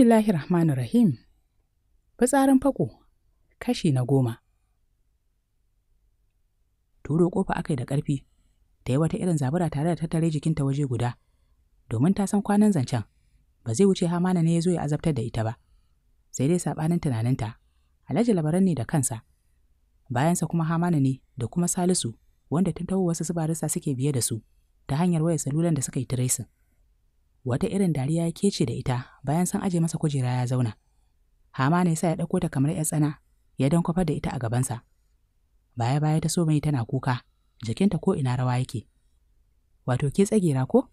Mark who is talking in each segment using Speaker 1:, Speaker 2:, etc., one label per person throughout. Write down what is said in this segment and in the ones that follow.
Speaker 1: Bismillahir Rahmanir Rahim. Fitsarin fako, kashi na goma. Turo kofa yi da ƙarfi, ta yi wata irin zabura tare da tattare jikinta waje guda, domin ta san kwanan zancen, ba zai wuce hamana ne ya zo ya azabtar da ita ba. Sai dai saɓanin tunaninta, Alhaji labaran ne da kansa, bayansa kuma hamana ne da kuma Salisu, wanda tun wasu subarisa suke biye da su, ta hanyar wayar salulan da suka yi tiresin. wata irin dariya ya ce da ita bayan san aje masa kujera ya zauna. Hama ne sa ya ɗauko ta kamar ‘yar tsana, ya don kwafar da ita a gabansa. Baya-baya ta so mai tana kuka, jikinta ko ina rawa yake. Wato ke tsagera ko?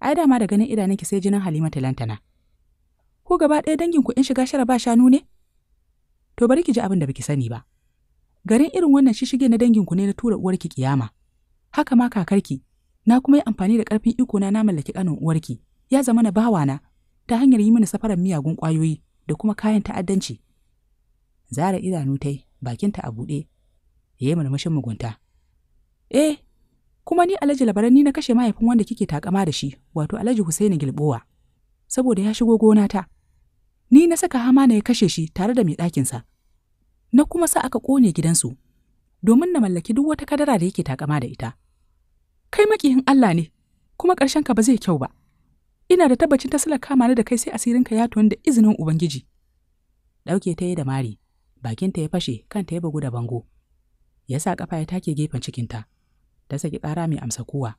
Speaker 1: Ai dama da ganin idanunki sai jinin Halima lantana. Ko gaba ɗaya danginku in shiga shara ba shanu ne? To bari ki ji abin da baki sani ba. Garin irin wannan shishige na ku ne na tura uwarki kiyama. Haka ma kakarki, na kuma yi amfani da ƙarfin iko na na mallaki ƙanin uwarki. ya zama na na ta hanyar yi mini safarar miyagun ƙwayoyi da kuma kayan ta'addanci. Zara idanu tai bakinta a buɗe, ya yi murmushin mugunta. Eh, kuma ni Alhaji labaran ni na kashe mahaifin wanda kike takama da shi, wato Alhaji Husaini Gilbowa, saboda ya shigo gona ta. Ni na saka hama na ya kashe shi tare da mai ɗakinsa. Na kuma sa aka ƙone gidansu, domin na mallaki duk wata kadara da yake takama da ita. Kai makihin Allah ne, kuma ƙarshenka ba zai kyau ba. ina da tabbacin ta kama ni da kai sai asirinka ya tuwon da izinin Ubangiji. Ɗauke ta yi da mari, bakinta ya fashe kanta ya bugu da bango. Ya sa ƙafa ya take gefen cikinta, ta saki ƙara mai amsa kowa.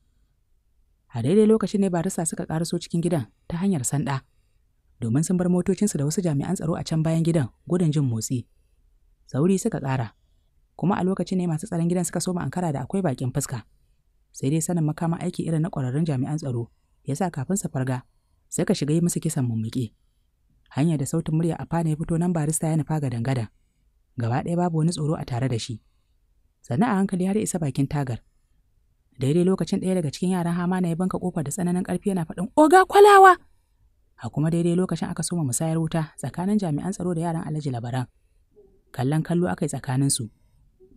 Speaker 1: A daidai lokacin ne barisa suka ƙaraso cikin gidan ta hanyar sanda, domin sun bar motocinsu da wasu jami'an tsaro a can bayan gidan gudun jin motsi. Sauri suka ƙara, kuma a lokacin ne masu tsaron gidan suka soma ankara da akwai bakin fuska. Sai dai sanin makama aiki irin na ƙwararrun jami'an tsaro ya sa kafin sa farga sai ka shiga yi musu kisan mummuƙi. Hanya da sautin murya a fana ya fito nan barista ya nufa gadan gadan. Gaba ɗaya babu wani tsoro a tare da shi. Sannan a hankali har isa bakin tagar. Daidai lokacin ɗaya daga cikin yaran hama na ya banka kofar da tsananin ƙarfi yana faɗin oga kwalawa. A kuma daidai lokacin aka soma musayar wuta tsakanin jami'an tsaro da yaran Alhaji Labaran. Kallon kallo aka yi tsakaninsu.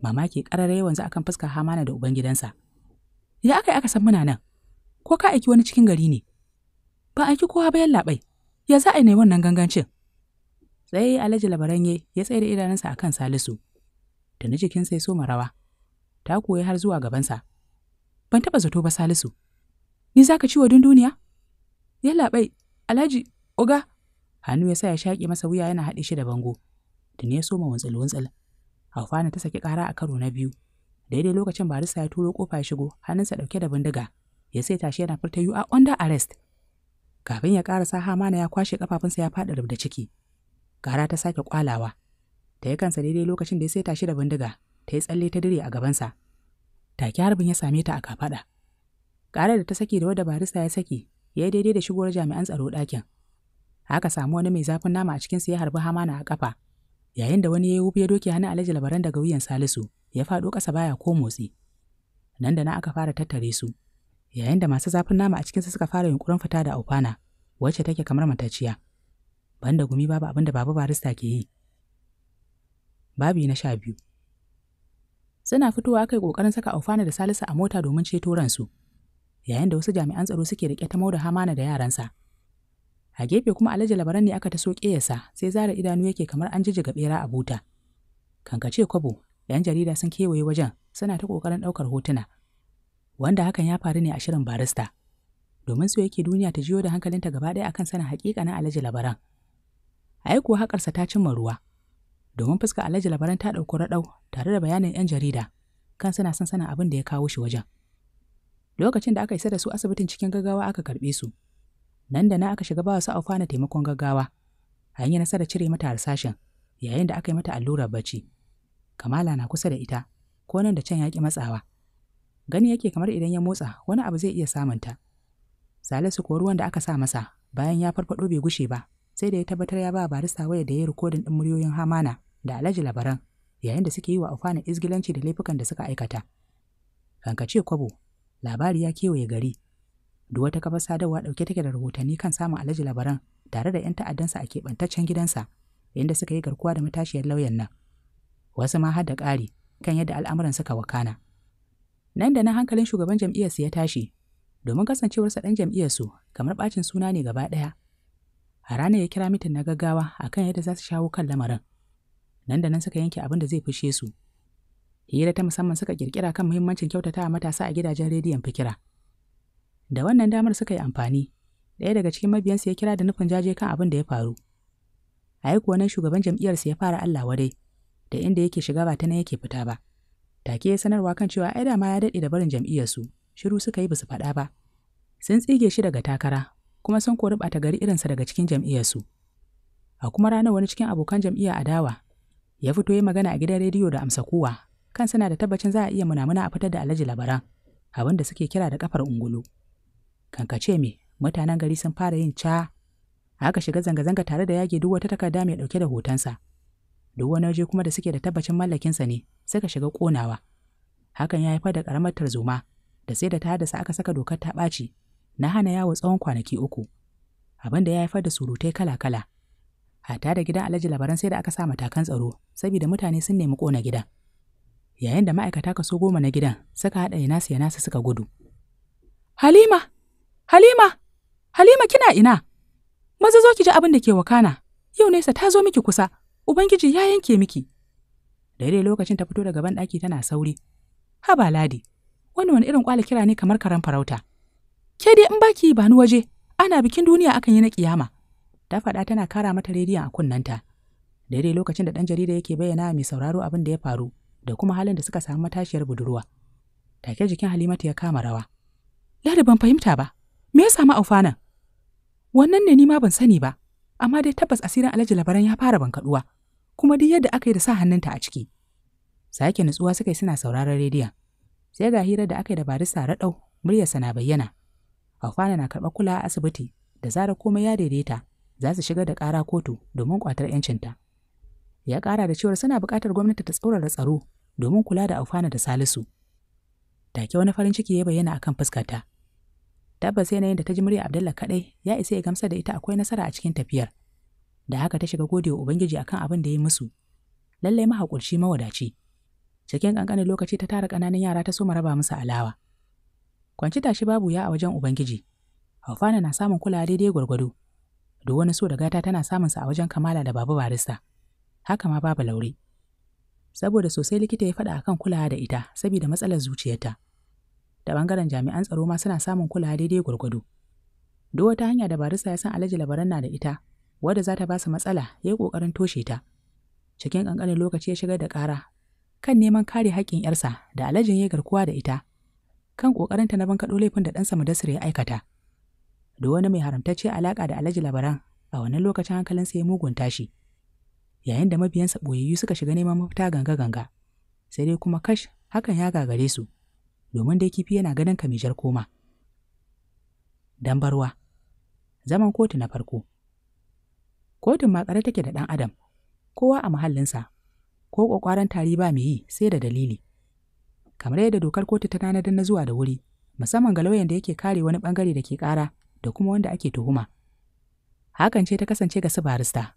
Speaker 1: Mamaki ƙararre wanzu akan hama hamana da ubangidansa. Ya aka yi aka san muna nan? ko ka aiki wani cikin gari ne ba aiki kowa ba labai ya za a yi wannan gangancin tsaye alhaji labaranye ya tsaye da idanunsa a kan salisu da ni jikinsa ya soma rawa ta koyi har zuwa gabansa ban taɓa zato ba salisu ni za ka wa dunduniya ya labai alhaji oga hannu ya sa ya shaƙe masa wuya yana haɗe shi da bango da ne ya soma wuntsil wuntsil haufana ta saki ƙara a karo na biyu daidai lokacin barisa ya turo kofa ya shigo hannunsa ɗauke da bindiga ya sai tashi yana furta yu a under arrest kafin ya ƙara ƙarasa hamana ya kwashe kafafunsa ya faɗi rubda ciki gara ta sake kwalawa ta yi kansa daidai lokacin da ya sai tashi da bindiga ta yi tsalle ta dire a gabansa take harbin ya same ta a kafaɗa Ƙara da ta saki da wadda barista ya saki ya yi daidai da shigowar jami'an tsaro ɗakin haka samu wani mai zafin nama a cikinsa ya harbi hamana a kafa yayin da wani ya yi wufi ya doke hannun alhaji labaran daga wuyan salisu ya faɗo ƙasa baya ko motsi nan da na aka fara tattare su yayin da masu zafin nama a cikinsa suka fara yunkurin fita da aufana wacce take kamar mataciya banda gumi babu abin da baba barista ke yi babi na sha biyu suna fitowa aka yi ƙoƙarin saka aufana da Salisa a mota domin ceto ransu yayin da wasu jami'an tsaro suke riƙe ta da hamana da yaransa a gefe kuma alhaji labaran ne aka taso ƙeyasa sai zara idanu yake kamar an jijjiga ɓera a buta kankace kwabo yan jarida sun kewaye wajen suna ta ƙoƙarin ɗaukar hotuna wanda hakan ya faru ne a shirin barista. Domin so yake duniya ta jiyo da hankalinta gaba ɗaya akan sanin haƙiƙa na alaji Labaran. A yi haƙarsa ta cimma ruwa. Domin fuska alaji Labaran ta ɗauko raɗau tare da bayanin 'yan jarida kan suna son sanin abin da ya kawo shi wajen. Lokacin da aka isa da su asibitin cikin gaggawa aka karɓe su. Nan da na aka shiga ba su aufa na taimakon gaggawa. An yi nasarar cire mata harsashin yayin da aka yi mata allurar bacci. Kamala na kusa da ita, ko nan da can ya matsawa. gani yake kamar idan ya motsa wani abu zai iya samunta. Salisu ko ruwan da aka sa masa bayan ya farfado bai gushe ba sai da ya tabbatar ya ba barista waya da ya rikodin ɗin muryoyin Hamana da Alhaji Labaran yayin da suke yi wa Afana izgilanci da laifukan da suka aikata. Kankace kwabo labari ya kewaye gari. Duk wata kafar sadarwa dauke take da rahotanni kan samun Alhaji Labaran tare da 'yan ta'addansa a keɓantaccen gidansa inda suka yi garkuwa da matashiyar lauyan nan. Wasu ma har da ƙari kan yadda al'amuran suka wakana. nan da nan hankalin shugaban jam'iyyarsu ya tashi domin kasancewarsa ɗan su, kamar ɓacin suna ne gaba ɗaya a ranar ya kira mitin na gaggawa akan yadda za su shawo kan lamarin nan da nan suka yanke abin da zai fushe su hira ta musamman suka kirkira kan muhimmancin kyautata matasa a gidajen rediyon fikira da wannan damar suka yi amfani ɗaya daga cikin mabiyansu ya kira da nufin jaje kan abin da ya faru a yi kuwa nan shugaban jam'iyyarsa ya fara Allah wadai da inda yake shiga ba ta nan yake fita ba Take ya sanarwa kan cewa ai ma ya daɗe da barin jam'iyyarsu, shiru suka yi basu faɗa ba. Sun tsige shi daga takara, kuma sun kori ɓata gari irinsa daga cikin jam'iyyarsu. A kuma ranar wani cikin abokan jam'iyya adawa, ya fito yi magana a gidan rediyo da amsa kowa, kan suna da tabbacin za a iya munamuna a fitar da Alhaji Labaran, abin da suke kira da kafar ungulu. Kankace me, mutanen gari sun fara yin ca, Haka shiga zanga-zanga tare da yage duk wata takarda mai ɗauke da hotonsa. duk wani waje kuma da suke da tabbacin mallakinsa ne suka shiga ƙonawa hakan ya haifar da ƙaramar tarzoma da sai da ta hadasa aka saka dokar ta ɓaci na hana yawo tsawon kwanaki uku abin da ya haifar da surutai kala-kala hata da gidan alhaji labaran sai da aka sa matakan tsaro saboda mutane sun nemi ƙona gidan yayin da ma'aikata kaso goma na gidan suka haɗa ina ya nasu suka gudu halima halima halima kina ina maza zo ki ji abin da ke wakana yau nesa ta zo miki kusa Ubangiji ya yanke miki. Daidai lokacin ta fito daga ban tana sauri. Haba ladi, wani wani irin kwala kira ne kamar karan farauta. Ke dai in baki ba ni waje, ana bikin duniya akan yi na ƙiyama. Ta faɗa tana kara mata rediyon a kunnanta. Daidai lokacin da ɗan jarida yake bayyana mai sauraro abin da ya faru da kuma halin da suka samu matashiyar budurwa. Take jikin Halimatu ya kama rawa. Ladi ban fahimta ba, me ya samu aufanan? Wannan ne ni ma ban sani ba. amma dai tabbas asirin Alhaji labaran ya fara bankaduwa, kuma duk yadda aka yi da sa hannunta a ciki. Sake nutsuwa suka yi suna sauraron rediyon. Sai ga hirar da aka yi da barista raɗau muryarsa na bayyana. aufana na karɓar kula a asibiti da zarar komai ya daidaita za su shiga da ƙara kotu domin ƙwatar 'yancinta. Ya ƙara da cewar suna buƙatar gwamnati ta tsaurara tsaro domin kula da Aufana da Salisu. Take wani farin ciki ya bayyana akan fuskarta. tabbas yanayin da ta ji murya Abdullah kaɗai ya isa ya gamsa da ita akwai nasara a cikin tafiyar. Da haka ta shiga godewa Ubangiji akan abin da ya musu. Lallai mahaƙurci mawadaci. Cikin ƙanƙanin lokaci ta tara ƙananan yara ta soma raba musu alawa. Kwanci tashi babu ya a wajen Ubangiji. Haufana na samun kula daidai gwargwado. Duk wani so da gata tana samun sa a wajen Kamala da Babu Barista. Haka ma babu laure. Saboda sosai likita ya faɗa akan kulawa da ita saboda matsalar zuciyarta. da bangaren jami'an tsaro ma suna samun kula daidai gwargwado. Duk wata hanya da barista ya san Alhaji labaran na da ita, wadda za ta ba su matsala ya yi ƙoƙarin toshe ta. Cikin ƙanƙanin lokaci ya shigar da ƙara kan neman kare haƙƙin 'yarsa da alhaji ya garkuwa da ita, kan ƙoƙarinta na bankaɗo laifin da ɗansa Mudassir ya aikata. Duk wani mai haramtacce alaƙa da Alhaji labaran a wannan lokacin hankalinsa ya mugunta shi. Yayin da mabiyansa ɓoyayyu suka shiga neman mafita ganga-ganga, sai dai kuma kash hakan ya gagare su. domin dai kifi yana ganin ka mijar koma. Dambarwa Zaman kotu na farko Kotun makare take da ɗan adam, kowa a muhallinsa, ko ƙwaƙwaran tari ba mai yi sai da dalili. Kamar yadda dokar kotu ta nana na zuwa da wuri, musamman ga lauyan da yake kare wani ɓangare da ke ƙara da kuma wanda ake tuhuma. Hakan ce ta kasance ga su barista,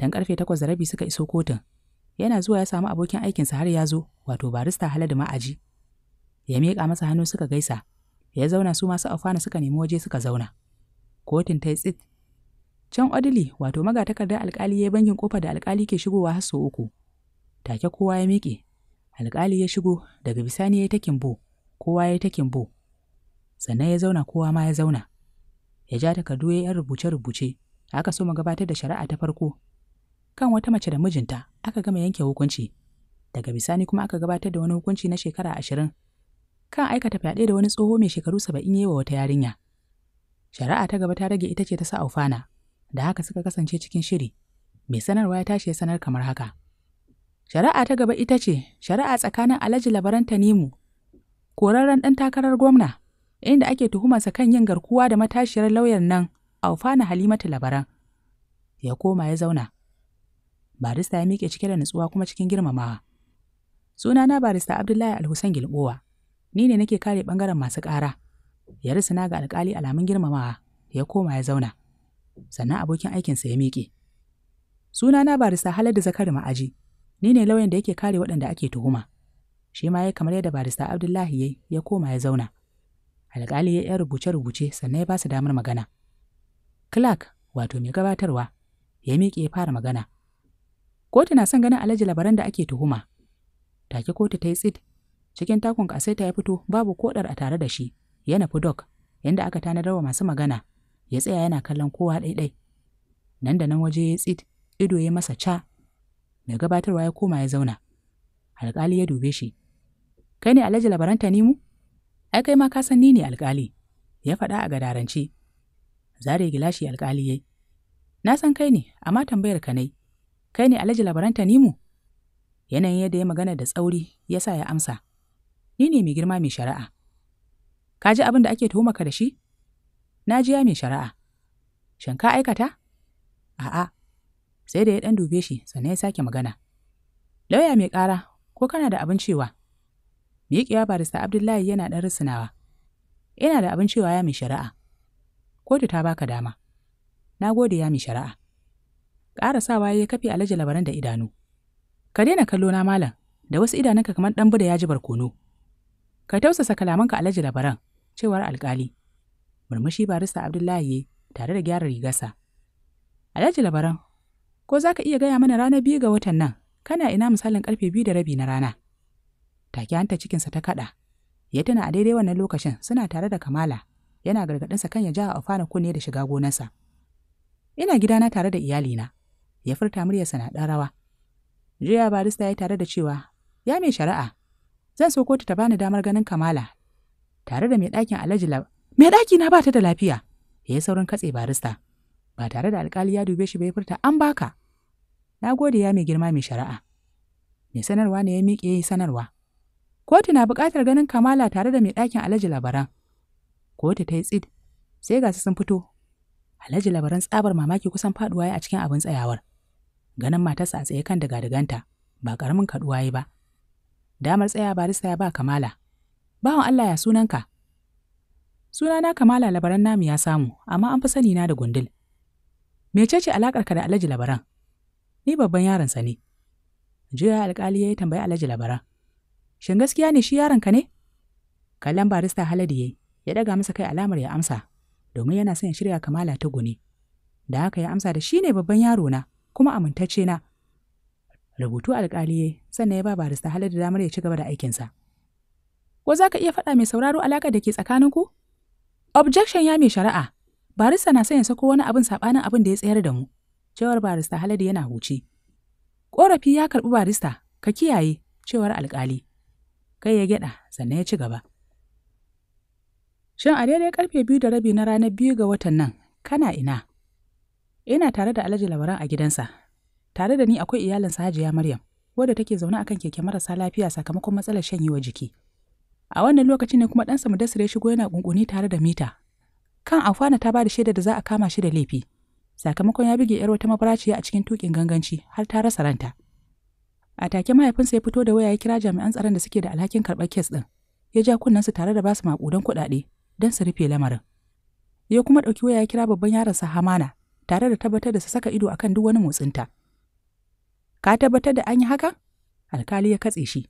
Speaker 1: don ƙarfe takwas da rabi suka iso kotun, yana zuwa ya samu abokin aikinsa har ya zo wato barista da Ma'aji ya miƙa masa hannu suka gaisa ya zauna su masu afana suka nemi waje suka zauna kotun ta tsit can odili wato magatakardar alkali ya bangin kofa da alkali ke shigowa har sau uku take kowa ya miƙe alkali ya shigo daga bisani ya ta kimbo kowa ya ta kimbo sannan ya zauna kowa ma ya zauna ya ja takardu ya yan rubuce-rubuce aka so mu gabatar da shari'a ta farko kan wata mace da mijinta aka gama yanke hukunci daga bisani kuma aka gabatar da wani hukunci na shekara ashirin kan aikata fyaɗe da wani tsoho mai shekaru saba'in yi wa wata yarinya. Shari'a ta gaba ta rage ita ce ta sa aufana, da haka suka kasance cikin shiri. Mai sanarwa ya tashi ya sanar kamar haka. Shari'a ta gaba ita ce shari'a tsakanin Alhaji Labaran Tanimu, korarren ɗan takarar gwamna, inda ake tuhumarsa kan yin garkuwa da matashiyar lauyan nan Aufana Halimatu Labaran. Ya koma ya zauna. Barista ya miƙe cike da nutsuwa kuma cikin girmamawa. Sunana Barista Abdullahi Alhussein Gilbowa. ni ne nake kare ɓangaren masu ƙara ya risina ga alƙali alamun girmamawa ya koma ya zauna sannan abokin aikinsa ya miƙe sunana barista haladu zakari ma'aji ni ne lauyan da yake kare waɗanda ake tuhuma shi ma ya kamar yadda barista abdullahi ya ya koma ya zauna alƙali ya 'yan rubuce-rubuce sannan ya ba su damar magana clark wato mai gabatarwa ya miƙe ya fara magana kotu na son ganin alhaji labaran da ake tuhuma take kotu ta yi tsit cikin takun ta ya fito babu kodar a tare da shi ya nufi dok yanda aka tanadar wa masu magana ya tsaya yana kallon kowa ɗaiɗai nan da nan waje ya tsit ido ya masa ca mai gabatarwa ya koma ya zauna Alkali ya dube shi kai ne alhaji labaranta ni mu ai kai ma ka san ni ne alkali. ya faɗa a gadarance zare gilashi alkali yayi na san kai ne amma tambayar ka nai kai ne alhaji labaranta ni mu yanayin yadda ya magana da tsauri ya sa ya amsa ni ne mai girma mai shari'a. Ka ji abin da ake tuhumaka da shi? Na ji ya mai shari'a. Shin ka aikata? A'a, sai da ya ɗan dube shi sannan ya sake magana. Lauya mai ƙara, ko kana da abin cewa? Miƙewa barista Abdullahi yana ɗan risinawa. Ina da abin cewa ya mai shari'a. Kotu ta baka dama. Na gode ya mai shari'a. Ƙarasawa ya kafe alaji labaran da idanu. Ka daina kallo na malam, da wasu idanunka kamar ɗan bude ya ji barkono. Ka tausasa kalamanka Alhaji Labaran, cewar alkali. Murmushi barista Abdullahi ye tare da gyara rigarsa. Alhaji Labaran, ko za ka iya gaya mana ranar biyu ga watan nan, kana ina misalin karfe biyu da rabi na rana. Take hanta cikinsa ta kaɗa. Ya tana a daidai wannan lokacin suna tare da Kamala, yana gargaɗinsa kan ya ja a ofana kunne da shiga gonarsa. Ina gidana tare da iyalina, ya furta muryarsa na ɗan rawa. Jiya barista ya tare da cewa, ya mai shari'a, Zan so kotu ta bani damar ganin Kamala. Tare da mai ɗakin Alhaji Lab. Mai ɗaki na bata da lafiya. Ya yi saurin katse barista. Ba tare da alkali ya dube shi bai furta an baka. Na gode ya mai girma mai shari'a. Mai sanarwa ne ya miƙe yi sanarwa. Kotu na buƙatar ganin Kamala tare da mai ɗakin Alhaji Labaran. Kotu ta yi tsid. Sai ga su sun fito. Alhaji Labaran tsabar mamaki kusan faɗuwa ya a cikin abin tsayawar. Ganin matarsa a tsaye kan daga-daganta. Ba ƙaramin kaɗuwa ya ba. damar tsaya barista ya ba kamala bawan Allah ya sunanka sunana kamala labaran namu ya samu amma an fi sani na da gundul mecece alakarka da alhaji labaran ni babban yaronsa ne juya alƙali ya yi tambayi alhaji labaran shin gaskiya ne shi yaronka ne kallon barista haladi ya ya daga masa kai alamar ya amsa domin yana son ya shirya kamala ta guni da haka ya amsa da shi ne babban yaro na kuma amintacce na rubutu alƙali sannan ya ba barista halar da damar ya ci gaba da aikinsa. Ko za ka iya faɗa mai sauraro alaƙa da ke tsakaninku? Objection ya mai shari'a, barista na sanya sako wani abin saɓanin abin da ya tsayar da mu, cewar barista Haladu yana huce. Ƙorafi ya karɓi barista, ka kiyaye, cewar alƙali. Kai ya gyaɗa, sannan ya ci gaba. Shin a daidai karfe biyu da rabi na ranar biyu ga watan nan, kana ina? Ina tare da Alhaji Labaran a gidansa, Tare da ni akwai iyalinsa Hajiya Maryam, wadda take zaune akan keke marasa lafiya sakamakon matsalar yiwa jiki. A wannan lokaci ne kuma ɗansa Mudassir ya shigo yana kunkuni tare da mita. Kan Afana ta ba da shaida da za a kama shi da laifi, sakamakon ya bige 'yar wata mabaraciya a cikin tukin ganganci har ta rasa ranta. A take mahaifinsa ya fito da waya ya kira jami'an tsaron da suke da alhakin karɓar kes ɗin, ya ja kunnensu tare da basu maƙudan kuɗaɗe don su rufe lamarin. Ya kuma ɗauki waya ya kira babban sa Hamana tare da tabbatar da su saka ido akan duk wani motsinta. Ka tabbatar da an yi hakan? Alkali ya katse shi.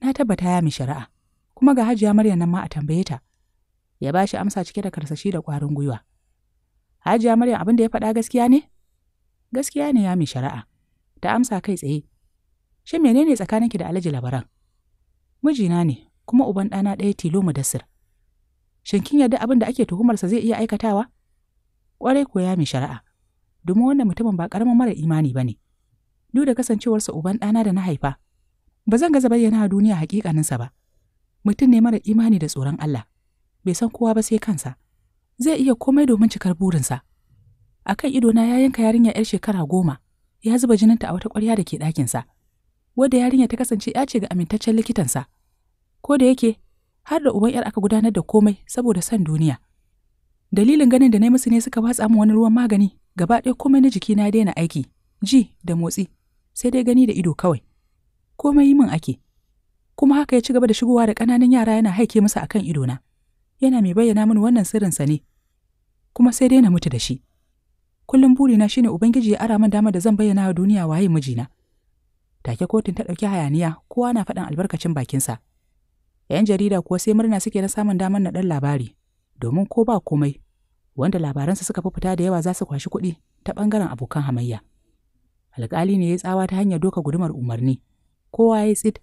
Speaker 1: Na tabbata ya mi shari'a, kuma ga hajiya Maryam nan ma a tambaye ta. Ya ba shi amsa cike da karsashi da ƙwarin gwiwa. Hajiya Maryam abin da ya faɗa gaskiya ne? Gaskiya ne ya mi shari'a. Ta amsa kai tsaye. Shin menene ki da Alhaji Labaran? Mijina ne, kuma uban ɗana ɗaya tilo mu dasir. Shin kin yarda abin da ake tuhumarsa zai iya aikatawa? Ƙwarai ko ya mi shari'a, domin wannan mutumin ba ƙaramin mara imani ba ne. duk da kasancewarsa uban ɗana da na haifa. Ba zan gaza bayyana a duniya haƙiƙaninsa ba. Mutum ne mara imani da tsoron Allah, bai san kowa ba sai kansa. Zai iya komai domin cikar burinsa. A kan na ya yanka yarinya 'yar shekara goma, ya zuba jininta a wata ƙwarya da ke ɗakinsa. Wadda yarinya ta kasance ya ce ga amintaccen likitansa. Ko da yake, har da uban 'yar aka gudanar da komai saboda son duniya. Dalilin ganin da na musu ne suka watsa mu wani ruwan magani, gaba ɗaya komai na jiki na daina aiki, ji da motsi, sai dai gani da ido kawai komai yi min ake kuma haka ya ci gaba da shigowa da ƙananan yara yana haike musu akan idona yana mai bayyana min wannan sirrinsa ne kuma sai dai na mutu da shi kullum burina shine ubangiji ya ara min dama da zan bayyana wa duniya waye mijina take kotun ta ɗauki hayaniya kowa na faɗin albarkacin bakinsa yan jarida kuwa sai murna suke na samun damar na ɗan labari domin ko ba komai wanda labaransa suka fi fita da yawa za su kwashi kuɗi ta ɓangaren abokan hamayya. alƙali ne ya tsawa ta hanyar doka gudumar umarni kowa ya tsit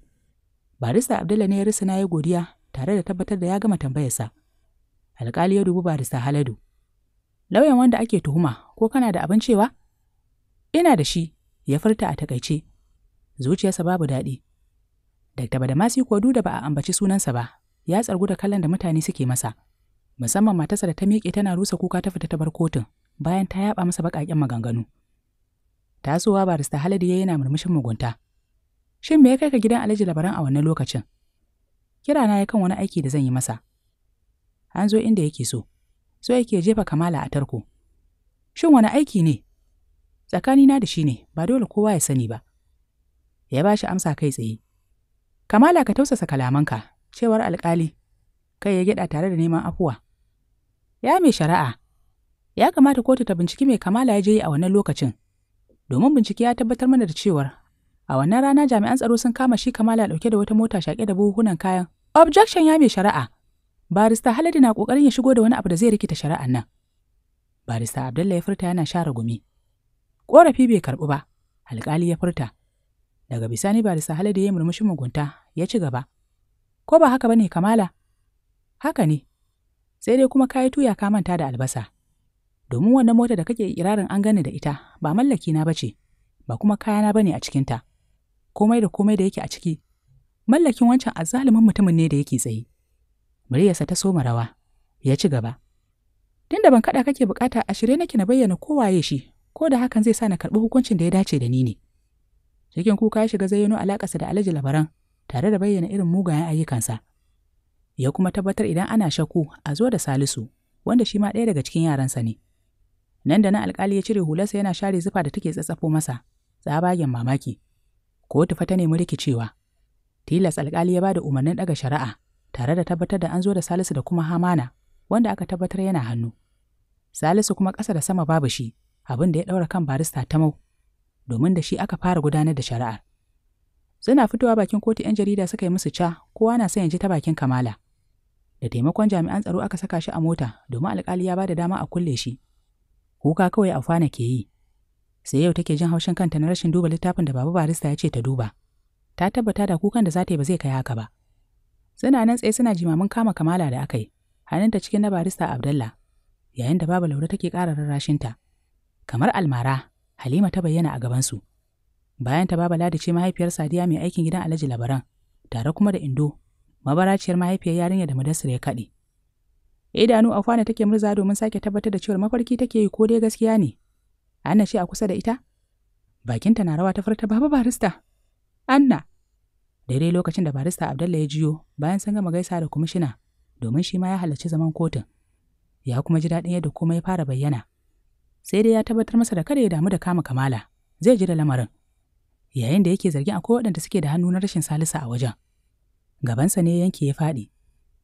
Speaker 1: barista abdulla ne ya risina ya godiya tare da tabbatar da ya gama tambayarsa alƙali ya dubi barista haladu lauyan wanda ake tuhuma ko kana da abin cewa ina da shi ya furta a takaice zuciyarsa babu daɗi Dr. badamasi ko duda da ba a ambaci sunansa ba ya tsargu da kallon da mutane suke masa musamman matarsa da ta miƙe tana rusa kuka ta fita ta bar kotun bayan ta yaba masa baƙaƙen maganganu tasowa ba da Haladu ya yana murmushin mugunta. Shin me ya kai ka gidan Alhaji Labaran a wannan lokacin? Kira na ya kan wani aiki da zan yi masa. An zo inda yake so, so yake jefa kamala a tarko. Shin wani aiki ne? Tsakanina da shi ne, ba dole kowa ya sani ba. Ya ba shi amsa kai tsaye. Kamala ka tausasa kalamanka, cewar alkali, kai ya gyaɗa tare da neman afuwa. Ya mai shari'a, ya kamata kotu ta binciki mai kamala ya je a wannan lokacin, domin bincike ya tabbatar mana da cewar a wannan rana jami'an tsaro sun kama shi kamala dauke da wata mota shaƙe da buhunan kayan objection ya mai shari'a barista Haladi na ƙoƙarin ya shigo da wani abu da zai rikita shari'an nan barista abdullahi ya furta yana share gumi ƙorafi bai karɓi ba alƙali ya furta daga bisani barista Haladi ya yi murmushin mugunta ya ci gaba ko ba haka ba ne kamala haka ne sai dai kuma kayi tuya ka manta da albasa domin wannan mota da kake ikirarin an gane da ita ba mallaki na bace ba kuma kayana bane a cikinta komai da komai da yake a ciki mallakin wancan azzalumin mutumin ne da yake tsaye muryarsa ta soma rawa ya ci gaba tunda ban kada kake bukata a shirye nake na bayyana kowaye shi ko da hakan zai sa na karbi hukuncin da ya dace da ni ne cikin kuka ya shiga zayyano alakarsa da Alhaji Labaran tare da bayyana irin mugayen ayyukansa ya kuma tabbatar idan ana shakku a zo da Salisu wanda shi ma ɗaya daga cikin yaransa ne. nan da nan alkali ya cire hularsa yana share zufa da take tsatsafo masa tsabagen mamaki kotu fa ta nemi rikicewa tilas alkali ya bada umarnin ɗaga shari'a tare da tabbatar da an zo da salisu da kuma hamana wanda aka tabbatar yana hannu salisu kuma ƙasa da sama babu shi abin da ya ɗaura kan barista ta tamau domin da shi aka fara gudanar da shari'ar suna fitowa bakin kotu 'yan jarida suka yi musu ca kowa na son ya ji ta bakin kamala da taimakon jami'an tsaro aka saka shi a mota domin alkali ya ba da dama a kulle shi kuka kawai afana ke yi sai yau take jin haushin kanta na rashin duba littafin da baba barista ya ce ta duba ta tabbata da kukan da za ta yi ba zai kai haka ba suna nan tsaye suna jimamin kama kamala da aka yi hannunta cikin na barista abdallah yayin da baba laura take ƙara rarrashinta kamar almara halima ta bayyana a gabansu bayan ta baba ladi ce mahaifiyar sadiya mai aikin gidan alhaji labaran tare kuma da indo mabaraciyar mahaifiyar yarinya da madassir ya kaɗe idanu a kwana take murza domin sake tabbatar da cewar mafarki take yi ko dai gaskiya ne anna ce a kusa da ita bakinta na rawa ta furta babu barista anna daidai lokacin da barista abdalla ya jiyo bayan sun gama gaisa da kwamishina domin shi ma ya halarci zaman kotun ya kuma ji daɗin yadda komai ya fara bayyana sai dai ya tabbatar masa da kada ya damu da kama kamala zai ji da lamarin yayin da yake zargin akwai waɗanda suke da hannu na rashin salisa a wajen gabansa ne yanke ya faɗi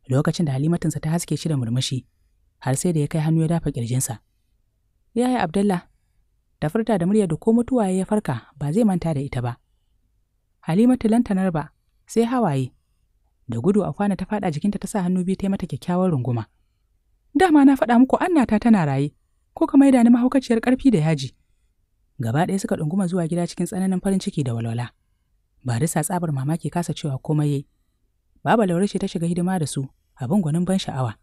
Speaker 1: lokacin da halimatinsa ta haske shi da murmushi har sai da ya kai hannu ya dafa kirjinsa yaya Abdullah, ta furta da murya da ko mutuwaye ya farka ba zai manta da ita ba halimatu lantanar ba sai hawaye da gudu a kwana ta faɗa jikinta ta sa hannu biyu ta mata kyakkyawar runguma dama na faɗa muku annata tana raye ko ka maida ni mahaukaciyar ƙarfi da yaji gaba ɗaya suka ɗunguma zuwa gida cikin tsananin farin ciki da walwala Barisa tsabar mamaki kasa cewa komai yayi Baba laurashe ta shiga hidima da su, abin gwanin ban sha'awa.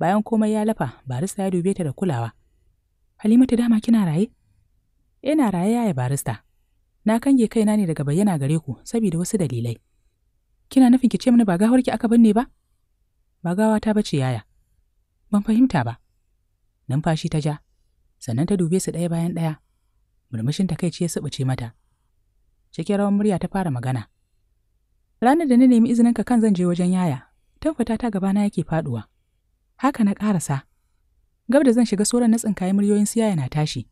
Speaker 1: Bayan komai ya lafa, barista ya dube ta da kulawa. Halima ta dama kina raye? Ina raye yaya barista. Na kange kaina ne daga bayyana gare ku saboda wasu dalilai. Kina nufin ki ce mini ba ki aka binne ba? Ba gawa ta bace yaya. Ban fahimta ba. Numfashi ta ja, sannan ta dube su ɗaya bayan ɗaya. Murmushin takaici ya subuce mata. Cikin rawan murya ta fara magana. Ranar da na nemi izinin ka kan zan je wajen yaya, tabbata ta gabana yake faduwa. Haka na ƙarasa. Gab da zan shiga soran na tsinkaye muryoyin siya yana tashi.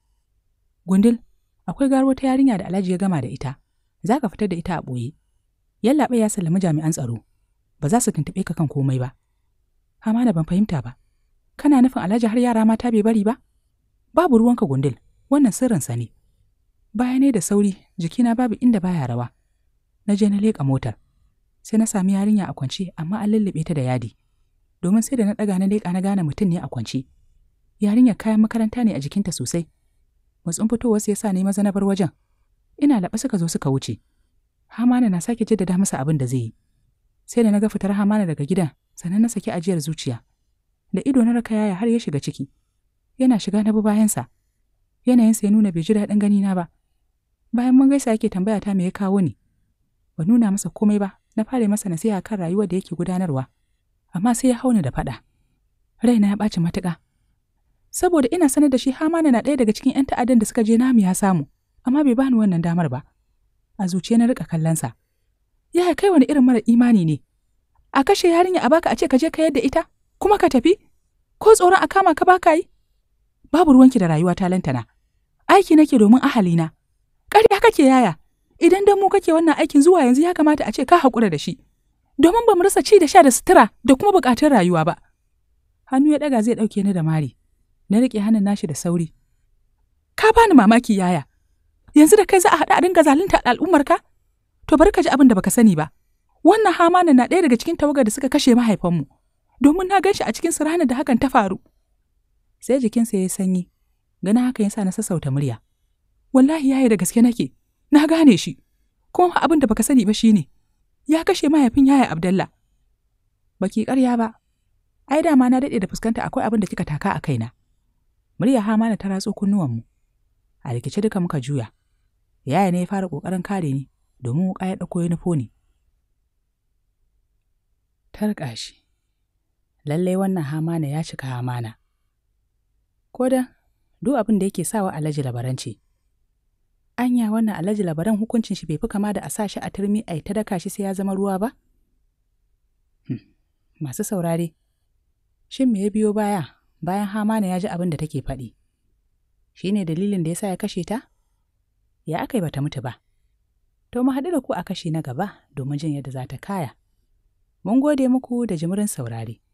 Speaker 1: Gundil, akwai garo ta yarinya da Alhaji ya gama da ita. Za ka fitar da ita a ɓoye. Yallaɓe ya sallami jami'an tsaro. Ba za su tuntuɓe ka kan komai ba. na ban fahimta ba. Kana nufin Alhaji har yara mata bai bari ba? Babu ruwanka gundil. wannan sirrinsa ne. Baya da sauri, jikina babu inda baya rawa. Na je na leƙa motar. sai na sami yarinya a kwance amma an lullube ta da yadi domin sai da na ɗaga na leƙa na gane mutum ne a kwance yarinyar kayan makaranta ne a jikinta sosai matsun fitowarsa ya sa ni maza na bar wajen ina laɓa suka zo suka wuce hamana na sake jaddada masa abin da zai yi sai da na ga fitar hamana daga gidan sannan na saki ajiyar zuciya da ido na raka yaya har ya shiga ciki yana shiga na bi bayansa yanayinsa ya nuna bai ji daɗin gani na ba bayan mun gaisa yake tambaya ta me ya kawo ni ba nuna masa komai ba na fara masa nasiha kan rayuwar da yake gudanarwa amma sai ya hau hauna da faɗa raina ya ɓaci matuƙa saboda ina sanar da shi hamana na ɗaya daga cikin 'yan ta'addan da suka je namu ya samu amma bai bani wannan damar ba a zuciya na riƙa kallonsa ya kai wani irin mara imani ne a kashe yarinya a baka a ce ka je ka yadda ita kuma ka tafi ko tsoron a kama ka baka yi babu ruwanki da rayuwa ta lantana aiki nake domin ahalina ƙarya kake yaya idan dan mu kake wannan aikin zuwa yanzu ya kamata a ce ka haƙura da shi domin ba mu rasa ci da sha da sutura da kuma buƙatun rayuwa ba hannu ya ɗaga zai ɗauke ni da mari na riƙe hannun nashi da sauri ka bani mamaki yaya yanzu da kai za a haɗa a dinga zalunta al'ummarka to bari ka ji abin da baka sani ba wannan hamanan na ɗaya daga cikin tawagar da suka kashe mahaifanmu domin na gan shi a cikin ranar da hakan ta faru sai jikinsa ya yi sanyi ganin hakan ya sa na sassauta murya wallahi yaya da gaske nake na gane shi kuma abin da baka sani ba shine ya kashe mahaifin yaya abdallah baki ƙarya ba ai dama na daɗe da fuskanta akwai abin da kika taka a kaina murya hamana ta ratso kunnuwanmu a rikice duka muka juya yaya ne ya fara ƙoƙarin kare ni domin wuƙa ya ɗauko yunifo ne tarƙa shi lallai wannan hamana ya cika hamana ko da duk abin da yake sawa alhaji labaranci anya wannan alhaji labaran hukuncin shi bai fi kama da a sa shi a turmi a ta daka shi sai ya zama ruwa ba? Hmm, masu saurare, shin me ya biyo baya bayan Hamana ya ji abin da take faɗi? Shi ne dalilin da ya sa ya kashe ta? Ya aka yi bata mutu ba. To mu haɗu da ku a kashe na gaba domin jin yadda za ta kaya. Mun gode muku da jimirin saurare.